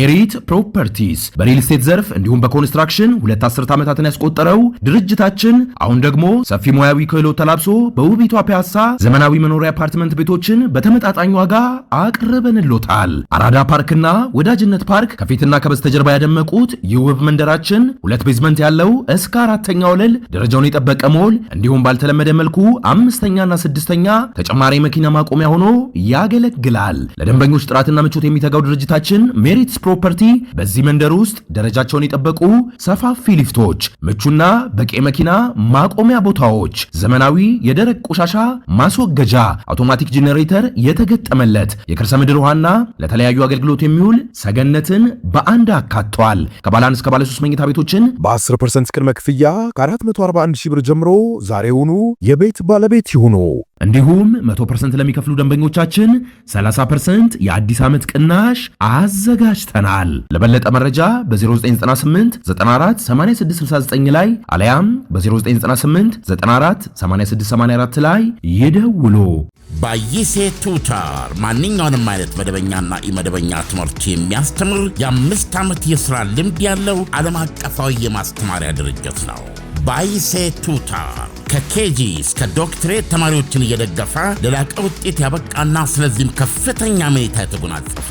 ሜሪት ፕሮፐርቲስ በሪል ስቴት ዘርፍ እንዲሁም በኮንስትራክሽን ሁለት አስርት ዓመታትን ያስቆጠረው ድርጅታችን አሁን ደግሞ ሰፊ ሙያዊ ክህሎት ተላብሶ በውቢቷ ፒያሳ ዘመናዊ መኖሪያ አፓርትመንት ቤቶችን በተመጣጣኝ ዋጋ አቅርበንሎታል። አራዳ ፓርክና ወዳጅነት ፓርክ ከፊትና ከበስተጀርባ ያደመቁት የውብ መንደራችን ሁለት ቤዝመንት ያለው እስከ አራተኛ ወለል ደረጃውን የጠበቀ ሞል እንዲሁም ባልተለመደ መልኩ አምስተኛና ስድስተኛ ተጨማሪ መኪና ማቆሚያ ሆኖ ያገለግላል። ለደንበኞች ጥራትና ምቾት የሚተጋው ድርጅታችን ሜሪት ፕሮፐርቲ በዚህ መንደር ውስጥ ደረጃቸውን የጠበቁ ሰፋፊ ሊፍቶች፣ ምቹና በቂ መኪና ማቆሚያ ቦታዎች፣ ዘመናዊ የደረቅ ቆሻሻ ማስወገጃ፣ አውቶማቲክ ጄኔሬተር የተገጠመለት የከርሰ ምድር ውሃና ለተለያዩ አገልግሎት የሚውል ሰገነትን በአንድ አካቷል። ከባለ አንድ እስከ ባለ ሶስት መኝታ ቤቶችን በ10 ፐርሰንት ቅድመ ክፍያ ከ441 ሺህ ብር ጀምሮ ዛሬውኑ የቤት ባለቤት ይሁኑ። እንዲሁም 100% ለሚከፍሉ ደንበኞቻችን 30% የአዲስ ዓመት ቅናሽ አዘጋጅተናል። ለበለጠ መረጃ በ0998 94 8669 ላይ አለያም በ0998 94 8684 ላይ ይደውሉ። ባይሴ ቱታር ማንኛውንም አይነት መደበኛና ኢመደበኛ ትምህርት የሚያስተምር የአምስት ዓመት የሥራ ልምድ ያለው ዓለም አቀፋዊ የማስተማሪያ ድርጅት ነው። ባይሴ ቱታ ከኬጂ እስከ ዶክትሬት ተማሪዎችን እየደገፈ ለላቀ ውጤት ያበቃና ስለዚህም ከፍተኛ መኔታ የተጎናጸፈ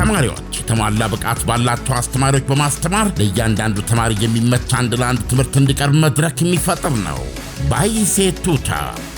ተማሪዎች የተሟላ ብቃት ባላቸው አስተማሪዎች በማስተማር ለእያንዳንዱ ተማሪ የሚመች አንድ ለአንድ ትምህርት እንዲቀርብ መድረክ የሚፈጥር ነው። ባይሴ ቱታ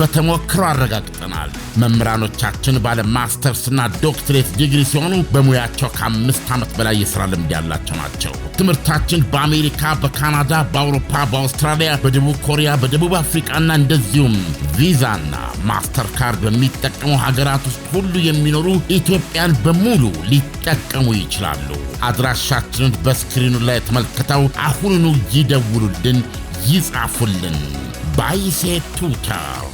በተሞክሮ አረጋግጠናል። መምህራኖቻችን ባለ ማስተርስና ዶክትሬት ዲግሪ ሲሆኑ በሙያቸው ከአምስት ዓመት በላይ የሥራ ልምድ ያላቸው ናቸው። ትምህርታችን በአሜሪካ፣ በካናዳ፣ በአውሮፓ፣ በአውስትራሊያ፣ በደቡብ ኮሪያ፣ በደቡብ አፍሪቃና እንደዚሁም ቪዛና ማስተር ካርድ በሚጠቀሙ ሀገራት ውስጥ ሁሉ የሚኖሩ ኢትዮጵያን በሙሉ ሊጠቀሙ ይችላሉ። አድራሻችንን በስክሪኑ ላይ ተመልክተው አሁኑኑ ይደውሉልን፣ ይጻፉልን። ባይሴ ቱተር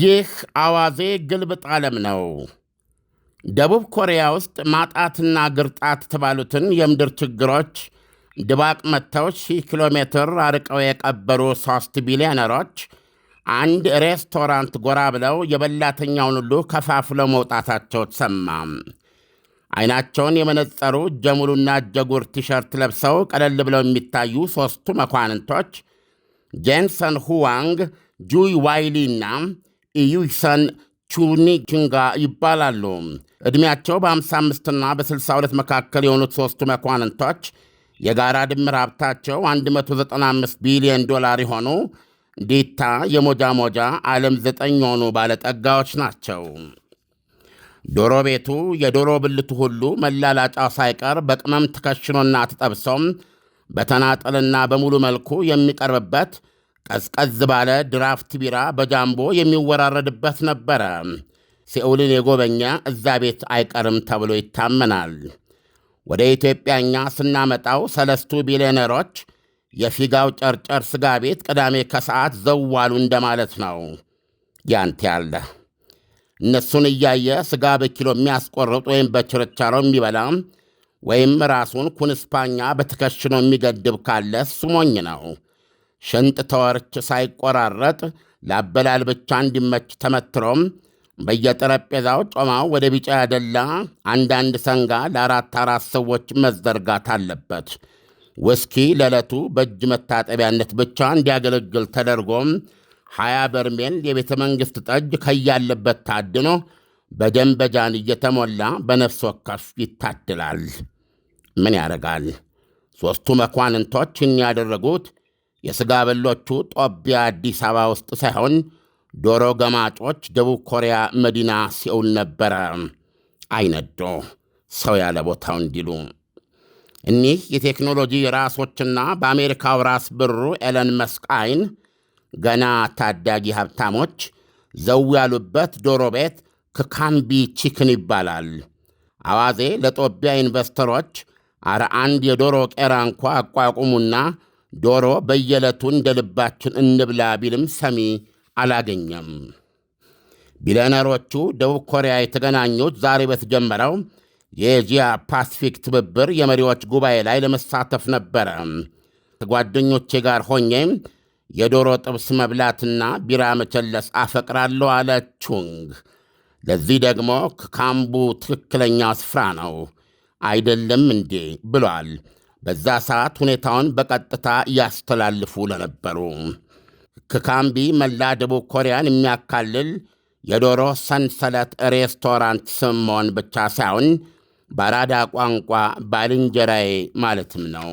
ይህ አዋዜ ግልብጥ ዓለም ነው። ደቡብ ኮሪያ ውስጥ ማጣትና ግርጣት የተባሉትን የምድር ችግሮች ድባቅ መጥተው ሺህ ኪሎ ሜትር አርቀው የቀበሩ ሶስት ቢሊዮነሮች አንድ ሬስቶራንት ጎራ ብለው የበላተኛውን ሁሉ ከፋፍለው መውጣታቸው ተሰማ። አይናቸውን የመነጸሩ ጀሙሉና ጀጉር ቲሸርት ለብሰው ቀለል ብለው የሚታዩ ሦስቱ መኳንንቶች ጄንሰን ሁዋንግ፣ ጁይ ዋይሊ እና ኢዩሳን ቹኒ ችንጋ ይባላሉ። ዕድሜያቸው በ55ና በ62 መካከል የሆኑት ሦስቱ መኳንንቶች የጋራ ድምር ሀብታቸው 195 ቢሊዮን ዶላር የሆኑ ዲታ የሞጃ ሞጃ ዓለም ዘጠኝ የሆኑ ባለጠጋዎች ናቸው። ዶሮ ቤቱ የዶሮ ብልቱ ሁሉ መላላጫው ሳይቀር በቅመም ተከሽኖና ተጠብሶም በተናጠልና በሙሉ መልኩ የሚቀርብበት ቀዝቀዝ ባለ ድራፍት ቢራ በጃምቦ የሚወራረድበት ነበረ። ሲኦልን የጎበኛ እዛ ቤት አይቀርም ተብሎ ይታመናል። ወደ ኢትዮጵያኛ ስናመጣው ሰለስቱ ቢሊዮነሮች የፊጋው ጨርጨር ስጋ ቤት ቅዳሜ ከሰዓት ዘዋሉ እንደማለት ነው። ያንተ ያለ እነሱን እያየ ስጋ በኪሎ የሚያስቆርጥ ወይም በችርቻሮ የሚበላ ወይም ራሱን ኩንስፓኛ በትከሽኖ የሚገድብ ካለ ስሞኝ ነው። ሽንጥ ተወርች ሳይቆራረጥ ለአበላል ብቻ እንዲመች ተመትሮም በየጠረጴዛው ጮማው ወደ ቢጫ ያደላ አንዳንድ ሰንጋ ለአራት አራት ሰዎች መዘርጋት አለበት። ውስኪ ለዕለቱ በእጅ መታጠቢያነት ብቻ እንዲያገለግል ተደርጎም ሀያ በርሜል የቤተ መንግሥት ጠጅ ከያለበት ታድኖ በደንበጃን እየተሞላ በነፍስ ወከፍ ይታድላል። ምን ያደርጋል? ሦስቱ መኳንንቶች ያደረጉት የሥጋ በሎቹ ጦቢያ አዲስ አበባ ውስጥ ሳይሆን ዶሮ ገማጮች ደቡብ ኮሪያ መዲና ሲውል ነበረ። አይነዶ ሰው ያለ ቦታው እንዲሉ እኒህ የቴክኖሎጂ ራሶችና በአሜሪካው ራስ ብሩ ኤለን መስክ አይን ገና ታዳጊ ሀብታሞች ዘው ያሉበት ዶሮ ቤት ክካምቢ ቺክን ይባላል። አዋዜ ለጦቢያ ኢንቨስተሮች አረ አንድ የዶሮ ቄራ እንኳ አቋቁሙና ዶሮ በየዕለቱ እንደ ልባችን እንብላ ቢልም ሰሚ አላገኘም። ቢሊዮነሮቹ ደቡብ ኮሪያ የተገናኙት ዛሬ በተጀመረው የኤዥያ ፓሲፊክ ትብብር የመሪዎች ጉባኤ ላይ ለመሳተፍ ነበረ። ከጓደኞቼ ጋር ሆኜ የዶሮ ጥብስ መብላትና ቢራ መቸለስ አፈቅራለሁ አለ ቹንግ። ለዚህ ደግሞ ካምቡ ትክክለኛ ስፍራ ነው አይደለም እንዴ ብሏል። በዛ ሰዓት ሁኔታውን በቀጥታ ያስተላልፉ ለነበሩ ክካምቢ መላ ደቡብ ኮሪያን የሚያካልል የዶሮ ሰንሰለት ሬስቶራንት ስም መሆን ብቻ ሳይሆን በአራዳ ቋንቋ ባልንጀራዬ ማለትም ነው።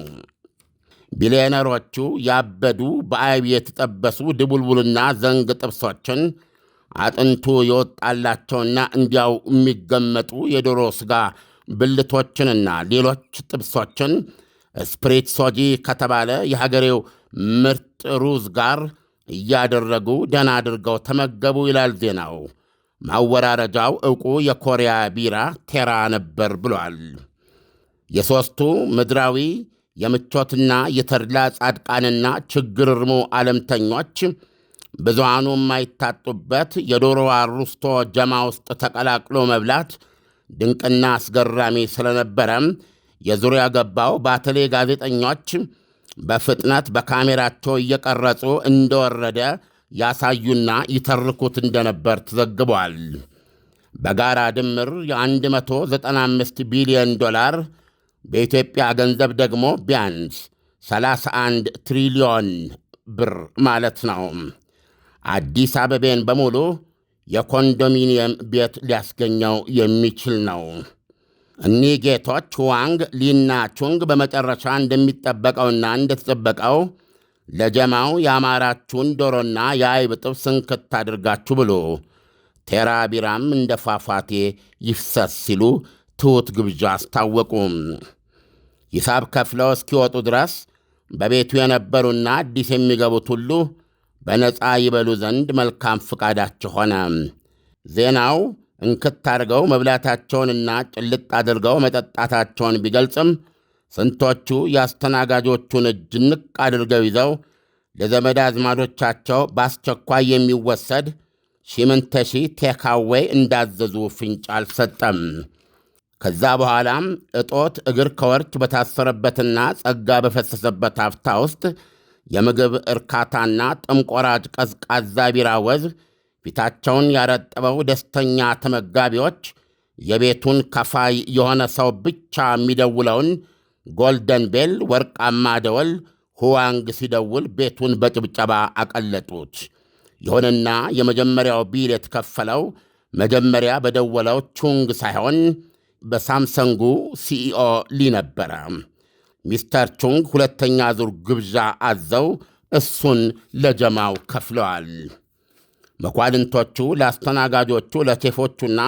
ቢሊዮነሮቹ ያበዱ በአይብ የተጠበሱ ድቡልቡልና ዘንግ ጥብሶችን አጥንቱ የወጣላቸውና እንዲያው የሚገመጡ የዶሮ ሥጋ ብልቶችንና ሌሎች ጥብሶችን ሶጂ ከተባለ የሀገሬው ምርጥ ሩዝ ጋር እያደረጉ ደና አድርገው ተመገቡ ይላል ዜናው። ማወራረጃው ዕውቁ የኮሪያ ቢራ ቴራ ነበር ብሏል። የሦስቱ ምድራዊ የምቾትና የተድላ ጻድቃንና ችግር እርሙ ዓለምተኞች ብዙሃኑ የማይታጡበት የዶሮዋ ሩስቶ ጀማ ውስጥ ተቀላቅሎ መብላት ድንቅና አስገራሚ ስለነበረም የዙሪያ ገባው ባተሌ ጋዜጠኞች በፍጥነት በካሜራቸው እየቀረጹ እንደወረደ ያሳዩና ይተርኩት እንደነበር ተዘግቧል። በጋራ ድምር የ195 ቢሊዮን ዶላር በኢትዮጵያ ገንዘብ ደግሞ ቢያንስ 31 ትሪሊዮን ብር ማለት ነው። አዲስ አበቤን በሙሉ የኮንዶሚኒየም ቤት ሊያስገኘው የሚችል ነው። እኒህ ጌቶች ዋንግ ሊና ቹንግ በመጨረሻ እንደሚጠበቀውና እንደተጠበቀው ለጀማው የአማራችሁን ዶሮና የአይብ ጥብስ ስንክት አድርጋችሁ ብሉ፣ ቴራ ቢራም እንደ ፏፏቴ ይፍሰስ ሲሉ ትሑት ግብዣ አስታወቁ። ሂሳብ ከፍለው እስኪወጡ ድረስ በቤቱ የነበሩና አዲስ የሚገቡት ሁሉ በነፃ ይበሉ ዘንድ መልካም ፍቃዳቸው ሆነ። ዜናው እንክት አድርገው መብላታቸውንና ጭልጥ አድርገው መጠጣታቸውን ቢገልጽም ስንቶቹ የአስተናጋጆቹን እጅ ንቅ አድርገው ይዘው ለዘመድ አዝማዶቻቸው በአስቸኳይ የሚወሰድ ሺምንተሺ ቴካዌ እንዳዘዙ ፍንጭ አልሰጠም። ከዛ በኋላም እጦት እግር ከወርች በታሰረበትና ጸጋ በፈሰሰበት ሀፍታ ውስጥ የምግብ እርካታና ጥምቆራጭ ቀዝቃዛ ቢራ ወዝብ ፊታቸውን ያረጠበው ደስተኛ ተመጋቢዎች የቤቱን ከፋይ የሆነ ሰው ብቻ የሚደውለውን ጎልደን ቤል ወርቃማ ደወል ሁዋንግ ሲደውል ቤቱን በጭብጨባ አቀለጡት። ይሁንና የመጀመሪያው ቢል የተከፈለው መጀመሪያ በደወለው ቹንግ ሳይሆን በሳምሰንጉ ሲኢኦ ሊ ነበረ። ሚስተር ቹንግ ሁለተኛ ዙር ግብዣ አዘው እሱን ለጀማው ከፍለዋል። መኳንንቶቹ ለአስተናጋጆቹ ለሴፎቹና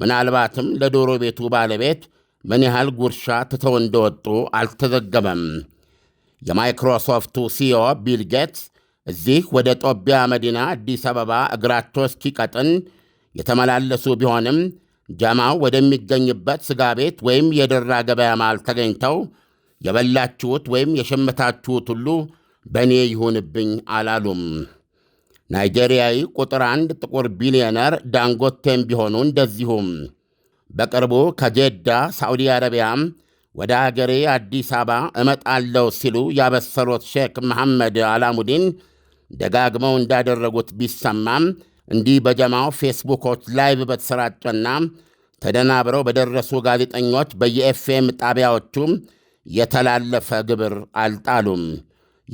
ምናልባትም ለዶሮ ቤቱ ባለቤት ምን ያህል ጉርሻ ትተው እንደወጡ አልተዘገበም። የማይክሮሶፍቱ ሲዮ ቢል ጌትስ እዚህ ወደ ጦቢያ መዲና አዲስ አበባ እግራቸው እስኪቀጥን የተመላለሱ ቢሆንም ጀማው ወደሚገኝበት ስጋ ቤት ወይም የደራ ገበያ መሃል ተገኝተው የበላችሁት ወይም የሸመታችሁት ሁሉ በእኔ ይሁንብኝ አላሉም። ናይጄሪያዊ ቁጥር አንድ ጥቁር ቢሊዮነር ዳንጎቴም ቢሆኑ እንደዚሁም በቅርቡ ከጄዳ ሳዑዲ አረቢያም ወደ አገሬ አዲስ አበባ እመጣለሁ ሲሉ ያበሰሩት ሼክ መሐመድ አላሙዲን ደጋግመው እንዳደረጉት ቢሰማም እንዲህ በጀማው ፌስቡኮች ላይቭ በተሰራጨና ተደናብረው በደረሱ ጋዜጠኞች በየኤፍኤም ጣቢያዎቹ የተላለፈ ግብር አልጣሉም።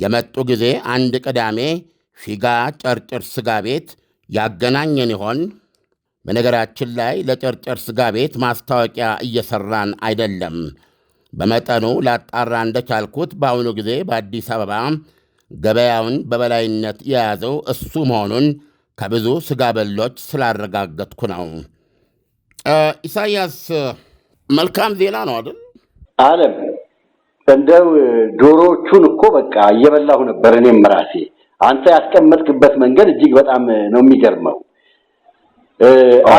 የመጡ ጊዜ አንድ ቅዳሜ ፊጋ ጨርጭር ስጋ ቤት ያገናኘን ይሆን? በነገራችን ላይ ለጨርጨር ስጋ ቤት ማስታወቂያ እየሰራን አይደለም። በመጠኑ ላጣራ እንደቻልኩት በአሁኑ ጊዜ በአዲስ አበባ ገበያውን በበላይነት የያዘው እሱ መሆኑን ከብዙ ስጋ በሎች ስላረጋገጥኩ ነው። ኢሳያስ፣ መልካም ዜና ነው አይደል? አለም እንደው ዶሮዎቹን እኮ በቃ እየበላሁ ነበር እኔም ራሴ አንተ ያስቀመጥክበት መንገድ እጅግ በጣም ነው የሚገርመው።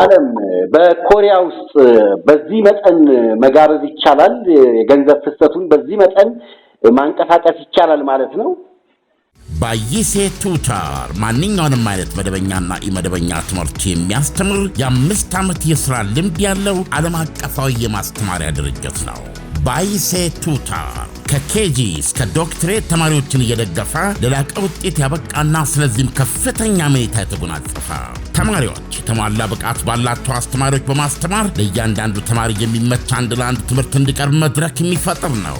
አለም በኮሪያ ውስጥ በዚህ መጠን መጋበዝ ይቻላል? የገንዘብ ፍሰቱን በዚህ መጠን ማንቀሳቀስ ይቻላል ማለት ነው። ባይሴ ቱታር ማንኛውንም አይነት መደበኛና ኢመደበኛ ትምህርት የሚያስተምር የአምስት ዓመት የሥራ ልምድ ያለው ዓለም አቀፋዊ የማስተማሪያ ድርጅት ነው። ባይሴ ቱታ ከኬጂ እስከ ዶክትሬት ተማሪዎችን እየደገፈ ለላቀ ውጤት ያበቃና ስለዚህም ከፍተኛ መኔታ የተጎናጸፈ ተማሪዎች የተሟላ ብቃት ባላቸው አስተማሪዎች በማስተማር ለእያንዳንዱ ተማሪ የሚመች አንድ ለአንድ ትምህርት እንዲቀርብ መድረክ የሚፈጥር ነው።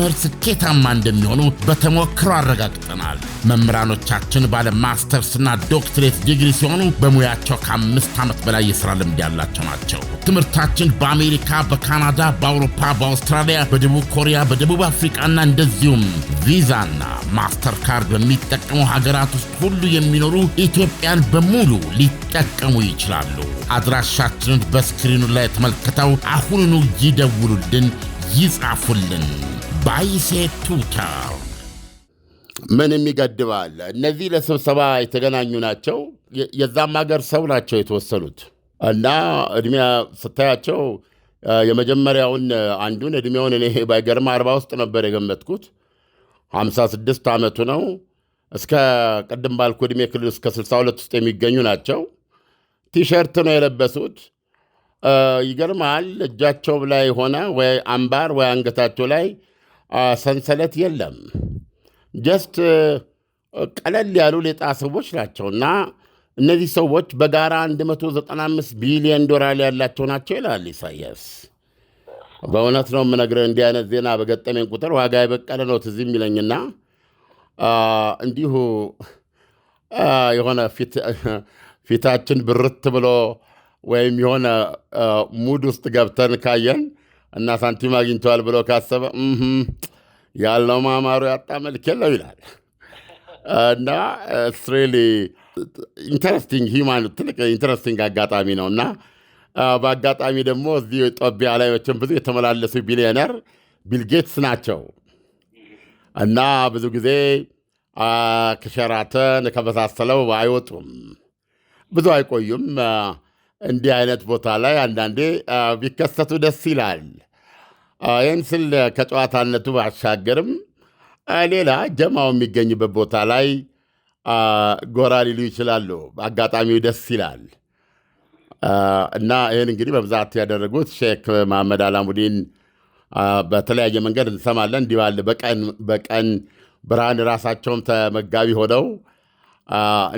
በትምህርት ስኬታማ እንደሚሆኑ በተሞክሮ አረጋግጠናል። መምህራኖቻችን ባለ ማስተርስና ዶክትሬት ዲግሪ ሲሆኑ በሙያቸው ከአምስት ዓመት በላይ የሥራ ልምድ ያላቸው ናቸው። ትምህርታችን በአሜሪካ፣ በካናዳ፣ በአውሮፓ፣ በአውስትራሊያ፣ በደቡብ ኮሪያ፣ በደቡብ አፍሪቃና እንደዚሁም ቪዛና ማስተር ካርድ በሚጠቀሙ ሀገራት ውስጥ ሁሉ የሚኖሩ ኢትዮጵያን በሙሉ ሊጠቀሙ ይችላሉ። አድራሻችንን በስክሪኑ ላይ ተመልክተው አሁኑኑ ይደውሉልን፣ ይጻፉልን። ቱታ ምንም ይገድባል። እነዚህ ለስብሰባ የተገናኙ ናቸው። የዛም ሀገር ሰው ናቸው የተወሰኑት እና እድሜ ስታያቸው የመጀመሪያውን አንዱን እድሜውን እኔ ባይገርም አርባ ውስጥ ነበር የገመትኩት። ሀምሳ ስድስት ዓመቱ ነው። እስከ ቅድም ባልኩ እድሜ ክልል እስከ ስልሳ ሁለት ውስጥ የሚገኙ ናቸው። ቲሸርት ነው የለበሱት። ይገርማል። እጃቸው ላይ ሆነ ወይ አምባር ወይ አንገታቸው ላይ ሰንሰለት የለም። ጀስት ቀለል ያሉ ሌጣ ሰዎች ናቸው እና እነዚህ ሰዎች በጋራ 195 ቢሊዮን ዶላር ያላቸው ናቸው ይላል ኢሳያስ። በእውነት ነው የምነግርህ፣ እንዲህ አይነት ዜና በገጠመኝ ቁጥር ዋጋ የበቀለ ነው ትዝ የሚለኝና እንዲሁ የሆነ ፊታችን ብርት ብሎ ወይም የሆነ ሙድ ውስጥ ገብተን ካየን እና ሳንቲም አግኝተዋል ብሎ ካሰበ ያለው ማማሩ ያጣ መልክ የለው ይላል እና ስሬሊ ኢንተረስቲንግ ሂማን ትልቅ ኢንተረስቲንግ አጋጣሚ ነው እና በአጋጣሚ ደግሞ እዚህ ጦቢያ ላይ መቼም ብዙ የተመላለሱ ቢሊዮነር ቢልጌትስ ናቸው እና ብዙ ጊዜ ከሸራተን ከመሳሰለው አይወጡም፣ ብዙ አይቆዩም። እንዲህ አይነት ቦታ ላይ አንዳንዴ ቢከሰቱ ደስ ይላል። ይህን ስል ከጨዋታነቱ ባሻገርም ሌላ ጀማው የሚገኝበት ቦታ ላይ ጎራ ሊሉ ይችላሉ። አጋጣሚው ደስ ይላል እና ይህን እንግዲህ በብዛት ያደረጉት ሼክ መሐመድ አላሙዲን በተለያየ መንገድ እንሰማለን። እንዲህ ባለ በቀን በቀን ብርሃን ራሳቸውም ተመጋቢ ሆነው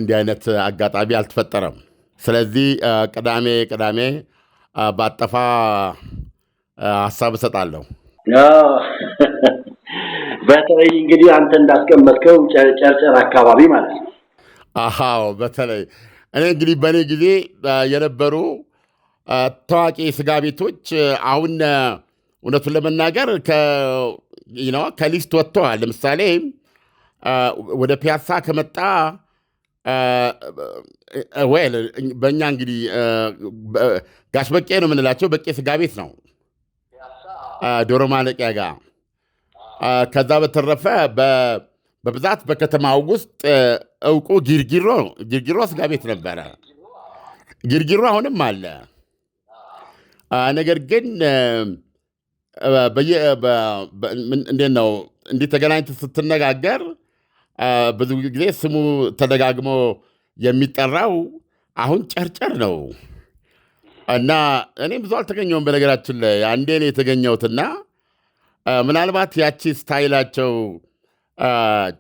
እንዲህ አይነት አጋጣሚ አልተፈጠረም። ስለዚህ ቅዳሜ ቅዳሜ ባጠፋ ሀሳብ እሰጣለሁ። በተለይ እንግዲህ አንተ እንዳስቀመጥከው ጨርጨር አካባቢ ማለት ነው። አዎ በተለይ እኔ እንግዲህ በእኔ ጊዜ የነበሩ ታዋቂ ስጋ ቤቶች አሁን እውነቱን ለመናገር ከሊስት ወጥተዋል። ለምሳሌ ወደ ፒያሳ ከመጣ ወይ በእኛ እንግዲህ ጋሽ በቄ ነው የምንላቸው። በቄ ስጋ ቤት ነው ዶሮ ማለቂያ ጋር። ከዛ በተረፈ በብዛት በከተማው ውስጥ እውቁ ጊርጊሮ ጊርጊሮ ስጋ ቤት ነበረ። ጊርጊሮ አሁንም አለ። ነገር ግን እንዴት ነው እንዲህ ተገናኝተህ ስትነጋገር ብዙ ጊዜ ስሙ ተደጋግሞ የሚጠራው አሁን ጨርጨር ነው እና እኔ ብዙ አልተገኘውም። በነገራችን ላይ አንዴ ነው የተገኘሁትና ምናልባት ያቺ ስታይላቸው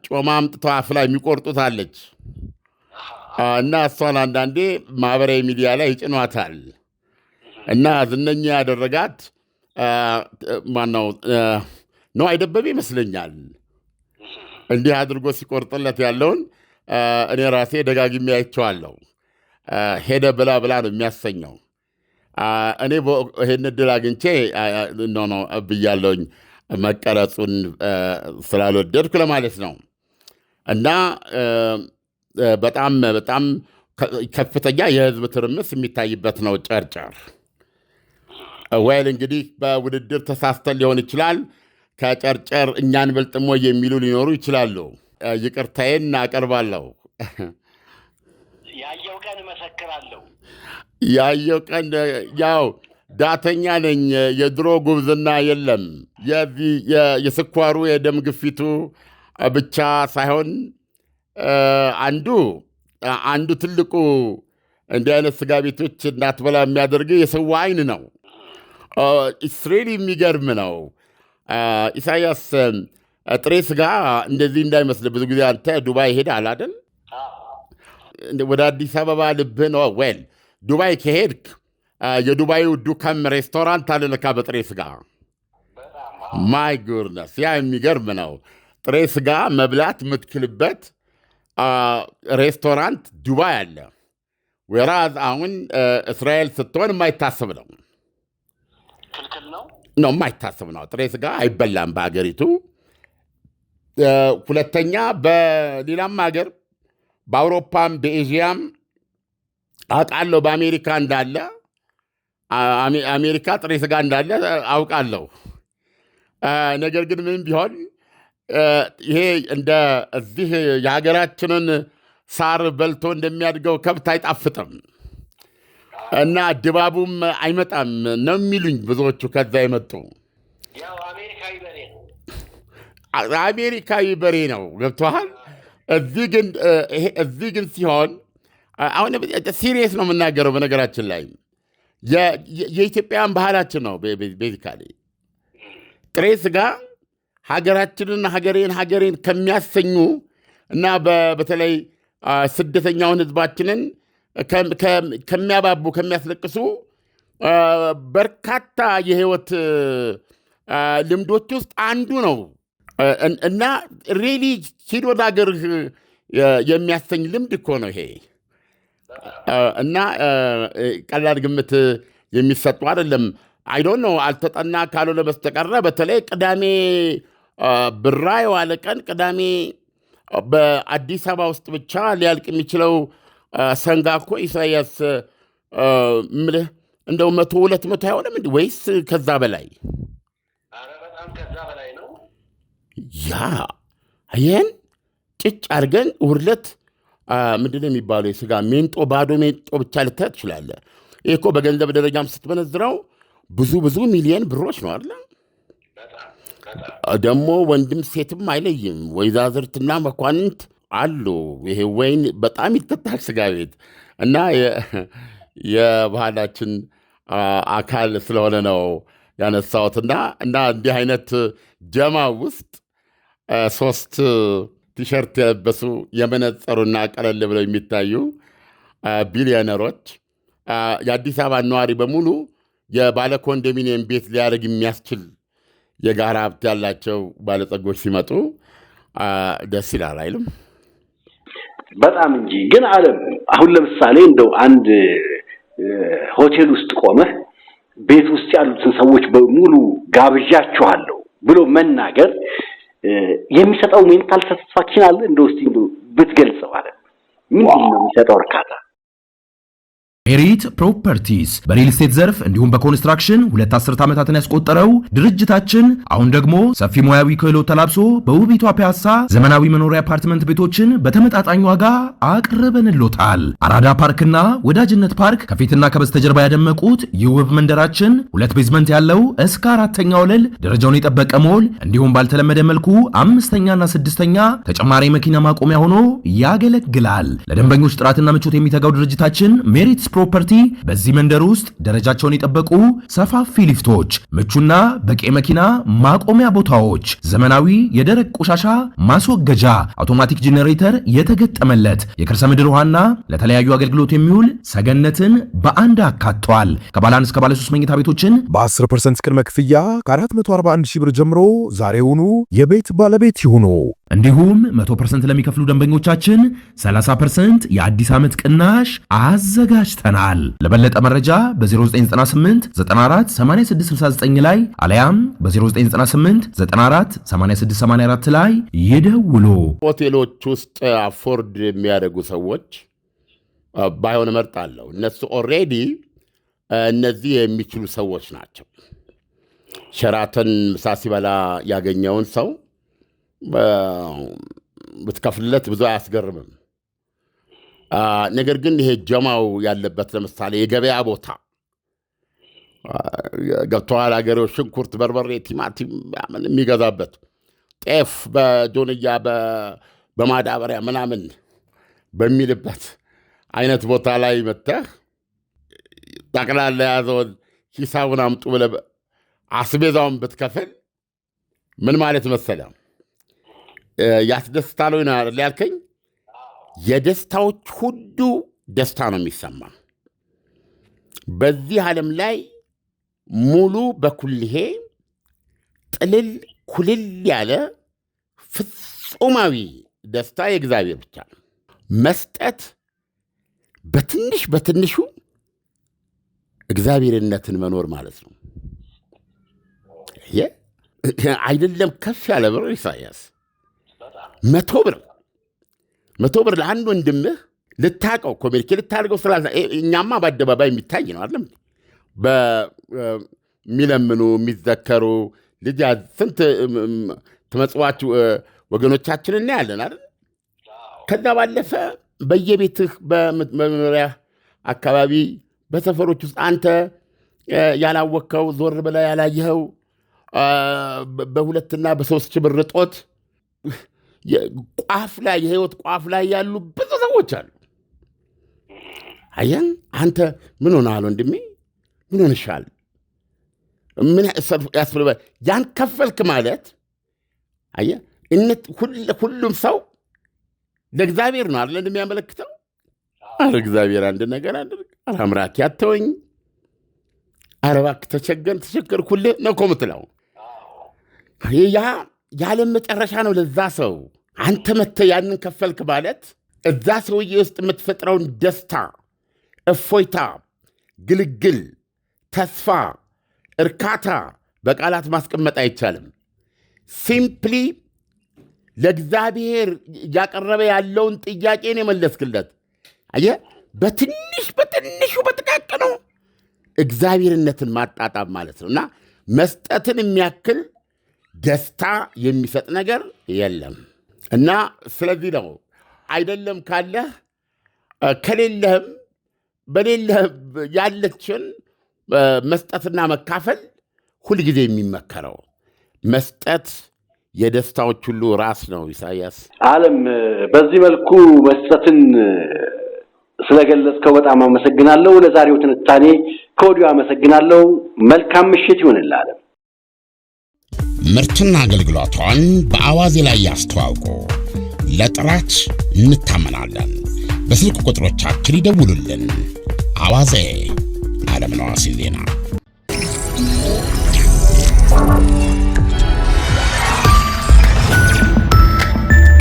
ጮማ አምጥቶ አፍ ላይ የሚቆርጡት አለች እና እሷን አንዳንዴ ማህበራዊ ሚዲያ ላይ ይጭኗታል እና ዝነኛ ያደረጋት ማነው ነው አይደበብ ይመስለኛል። እንዲህ አድርጎ ሲቆርጥለት ያለውን እኔ ራሴ ደጋግሜ አይቼዋለሁ። ሄደ ብላ ብላ ነው የሚያሰኘው። እኔ ይህን እድል አግኝቼ ኖ ኖ መቀረጹን ስላልወደድኩ ለማለት ነው። እና በጣም በጣም ከፍተኛ የህዝብ ትርምስ የሚታይበት ነው ጨርጨር። ወይል እንግዲህ በውድድር ተሳስተን ሊሆን ይችላል ከጨርጨር እኛን በልጥሞ የሚሉ ሊኖሩ ይችላሉ። ይቅርታዬን አቀርባለሁ። ያየው ቀን እመሰክራለሁ። ያየው ቀን ያው ዳተኛ ነኝ። የድሮ ጉብዝና የለም። የስኳሩ የደም ግፊቱ ብቻ ሳይሆን አንዱ አንዱ ትልቁ እንዲህ አይነት ስጋ ቤቶች እንዳትበላ የሚያደርግ የሰው አይን ነው። ኢስሬል የሚገርም ነው። ኢሳያስ ጥሬ ስጋ እንደዚህ እንዳይመስል ብዙ ጊዜ አንተ ዱባይ ሄደሃል አይደል? ወደ አዲስ አበባ ልብህ ነው ወል ዱባይ ከሄድክ የዱባዩ ዱከም ሬስቶራንት አለልካ በጥሬ ስጋ ማይ ጉድነስ፣ ያ የሚገርም ነው። ጥሬ ስጋ መብላት የምትችልበት ሬስቶራንት ዱባይ አለ። ወራዝ አሁን እስራኤል ስትሆን የማይታሰብ ነው። ክልክል ነው። ነው የማይታሰብ ነው። ጥሬ ስጋ አይበላም በሀገሪቱ። ሁለተኛ በሌላም ሀገር በአውሮፓም በኤዥያም አውቃለሁ፣ በአሜሪካ እንዳለ አሜሪካ ጥሬ ስጋ እንዳለ አውቃለሁ። ነገር ግን ምንም ቢሆን ይሄ እንደ እዚህ የሀገራችንን ሳር በልቶ እንደሚያድገው ከብት አይጣፍጥም። እና ድባቡም አይመጣም ነው የሚሉኝ ብዙዎቹ ከዛ የመጡ አሜሪካዊ በሬ ነው ገብተል። እዚህ ግን ሲሆን አሁን ሲሪየስ ነው የምናገረው። በነገራችን ላይ የኢትዮጵያን ባህላችን ነው። ቤዚካሊ ጥሬ ስጋ ሀገራችንን ሀገሬን ሀገሬን ከሚያሰኙ እና በተለይ ስደተኛውን ህዝባችንን ከሚያባቡ ከሚያስለቅሱ በርካታ የህይወት ልምዶች ውስጥ አንዱ ነው እና ሪሊ ሂድ ወደ የሚያሰኝ ልምድ እኮ ነው ይሄ እና ቀላል ግምት የሚሰጡ አይደለም። አይዶ ነው አልተጠና ካልሆነ በስተቀረ በተለይ ቅዳሜ ብራ የዋለ ቀን ቅዳሜ በአዲስ አበባ ውስጥ ብቻ ሊያልቅ የሚችለው ሰንጋ እኮ ኢሳያስ ምልህ እንደው መቶ ሁለት መቶ አይሆንም እንዲ ወይስ ከዛ በላይ ያ ይህን ጭጭ አድርገን ውርለት ምንድን የሚባለው የስጋ ሜንጦ ባዶ ሜንጦ ብቻ ልታ ትችላለ። ይህ እኮ በገንዘብ ደረጃም ስትመነዝረው ብዙ ብዙ ሚሊየን ብሮች ነው አለ። ደግሞ ወንድም ሴትም አይለይም፣ ወይዛዝርትና መኳንንት አሉ። ይሄ ወይን በጣም ይጠጣል ስጋ ቤት እና የባህላችን አካል ስለሆነ ነው ያነሳሁት እና እና እንዲህ አይነት ጀማ ውስጥ ሶስት ቲሸርት የለበሱ የመነጸሩና ቀለል ብለው የሚታዩ ቢሊዮነሮች የአዲስ አበባ ነዋሪ በሙሉ የባለ ኮንዶሚኒየም ቤት ሊያደርግ የሚያስችል የጋራ ሀብት ያላቸው ባለጸጎች ሲመጡ ደስ ይላል አይልም? በጣም እንጂ ግን አለም አሁን ለምሳሌ እንደው አንድ ሆቴል ውስጥ ቆመህ ቤት ውስጥ ያሉትን ሰዎች በሙሉ ጋብዣችኋለሁ ብሎ መናገር የሚሰጠው ሜንታል ሳቲስፋክሽን አለ እንደው እስቲ ብትገልጽ ማለት ምንድን ነው የሚሰጠው እርካታ? ሜሪት ፕሮፐርቲስ በሪል ስቴት ዘርፍ እንዲሁም በኮንስትራክሽን ሁለት አስርት ዓመታትን ያስቆጠረው ድርጅታችን አሁን ደግሞ ሰፊ ሙያዊ ክህሎት ተላብሶ በውቢቷ ፒያሳ ዘመናዊ መኖሪያ አፓርትመንት ቤቶችን በተመጣጣኝ ዋጋ አቅርበንሎታል። አራዳ ፓርክና ወዳጅነት ፓርክ ከፊትና ከበስተጀርባ ያደመቁት የውብ መንደራችን ሁለት ቤዝመንት ያለው እስከ አራተኛ ወለል ደረጃውን የጠበቀ ሞል እንዲሁም ባልተለመደ መልኩ አምስተኛና ስድስተኛ ተጨማሪ መኪና ማቆሚያ ሆኖ ያገለግላል። ለደንበኞች ጥራትና ምቾት የሚተጋው ድርጅታችን ሜሪት ፕሮፐርቲ በዚህ መንደር ውስጥ ደረጃቸውን የጠበቁ ሰፋፊ ሊፍቶች፣ ምቹና በቂ መኪና ማቆሚያ ቦታዎች፣ ዘመናዊ የደረቅ ቆሻሻ ማስወገጃ፣ አውቶማቲክ ጄኔሬተር የተገጠመለት የከርሰ ምድር ውሃና ለተለያዩ አገልግሎት የሚውል ሰገነትን በአንድ አካቷል። ከባለ አንድ እስከ ባለ ሶስት መኝታ ቤቶችን በ10 ፐርሰንት ቅድመ ክፍያ ከ441 ሺህ ብር ጀምሮ ዛሬውኑ የቤት ባለቤት ይሁኑ። እንዲሁም 100% ለሚከፍሉ ደንበኞቻችን 30% የአዲስ ዓመት ቅናሽ አዘጋጅተናል። ለበለጠ መረጃ በ0998 94 8669 ላይ አለያም በ0998 94 8684 ላይ ይደውሉ። ሆቴሎች ውስጥ አፎርድ የሚያደርጉ ሰዎች ባይሆን እመርጣለሁ። እነሱ ኦልሬዲ እነዚህ የሚችሉ ሰዎች ናቸው። ሸራተን ምሳ ሲበላ ያገኘውን ሰው ብትከፍልለት ብዙ አያስገርምም። ነገር ግን ይሄ ጀማው ያለበት ለምሳሌ የገበያ ቦታ ገብተዋል። ሀገሬው ሽንኩርት፣ በርበሬ፣ ቲማቲም የሚገዛበት ጤፍ በጆንያ በማዳበሪያ ምናምን በሚልበት አይነት ቦታ ላይ መተህ ጠቅላላ የያዘውን ሂሳቡን አምጡ ብለህ አስቤዛውን ብትከፍል ምን ማለት መሰለህ ያስደስታል ወይ ነው ያልከኝ? የደስታዎች ሁሉ ደስታ ነው የሚሰማ። በዚህ ዓለም ላይ ሙሉ በኩልሄ ጥልል ኩልል ያለ ፍጹማዊ ደስታ የእግዚአብሔር ብቻ ነው። መስጠት በትንሽ በትንሹ እግዚአብሔርነትን መኖር ማለት ነው። አይደለም ከፍ ያለ ብር ኢሳያስ መቶ ብር መቶ ብር ለአንድ ወንድምህ ልታቀው ኮሚኒኬ ልታደርገው ስላል እኛማ በአደባባይ የሚታይ ነው አለም በሚለምኑ የሚዘከሩ ልጅ ስንት ትመጽዋች ወገኖቻችን እናያለን አይደል። ከዛ ባለፈ በየቤትህ በመኖሪያ አካባቢ በሰፈሮች ውስጥ አንተ ያላወቅከው ዞር ብለህ ያላየኸው በሁለትና በሶስት ሺህ ብር ጦት ቋፍ ላይ የህይወት ቋፍ ላይ ያሉ ብዙ ሰዎች አሉ። አየን አንተ ምን ሆነሃል ወንድሜ፣ ምን ሆንሻል? ምን ያስፈልበ ያን ከፈልክ ማለት አየ እነት ሁሉም ሰው ለእግዚአብሔር ነው አለ እንደሚያመለክተው። አረ እግዚአብሔር አንድ ነገር አድርግ፣ አረ አምላኬ አተወኝ፣ አረ እባክህ ተቸገር ሁሌ ነው እኮ የምትለው ያ የዓለም መጨረሻ ነው ለዛ ሰው። አንተ መተ ያንን ከፈልክ ማለት እዛ ሰውዬ ውስጥ የምትፈጥረውን ደስታ፣ እፎይታ፣ ግልግል፣ ተስፋ፣ እርካታ በቃላት ማስቀመጥ አይቻልም። ሲምፕሊ ለእግዚአብሔር እያቀረበ ያለውን ጥያቄን የመለስክለት አየህ። በትንሽ በትንሹ በጥቃቅ እግዚአብሔርነትን ማጣጣም ማለት ነው እና መስጠትን የሚያክል ደስታ የሚሰጥ ነገር የለም እና ስለዚህ ነው አይደለም ካለህ ከሌለህም በሌለ ያለችን መስጠትና መካፈል ሁልጊዜ የሚመከረው መስጠት የደስታዎች ሁሉ ራስ ነው። ኢሳያስ አለም፣ በዚህ መልኩ መስጠትን ስለገለጽከው በጣም አመሰግናለሁ። ለዛሬው ትንታኔ ከወዲሁ አመሰግናለሁ። መልካም ምሽት ይሆንልህ አለም። ምርትና አገልግሎቷን በአዋዜ ላይ ያስተዋውቁ። ለጥራች እንታመናለን። በስልክ ቁጥሮቻችን ይደውሉልን። አዋዜ አለምነህ ዋሴ ዜና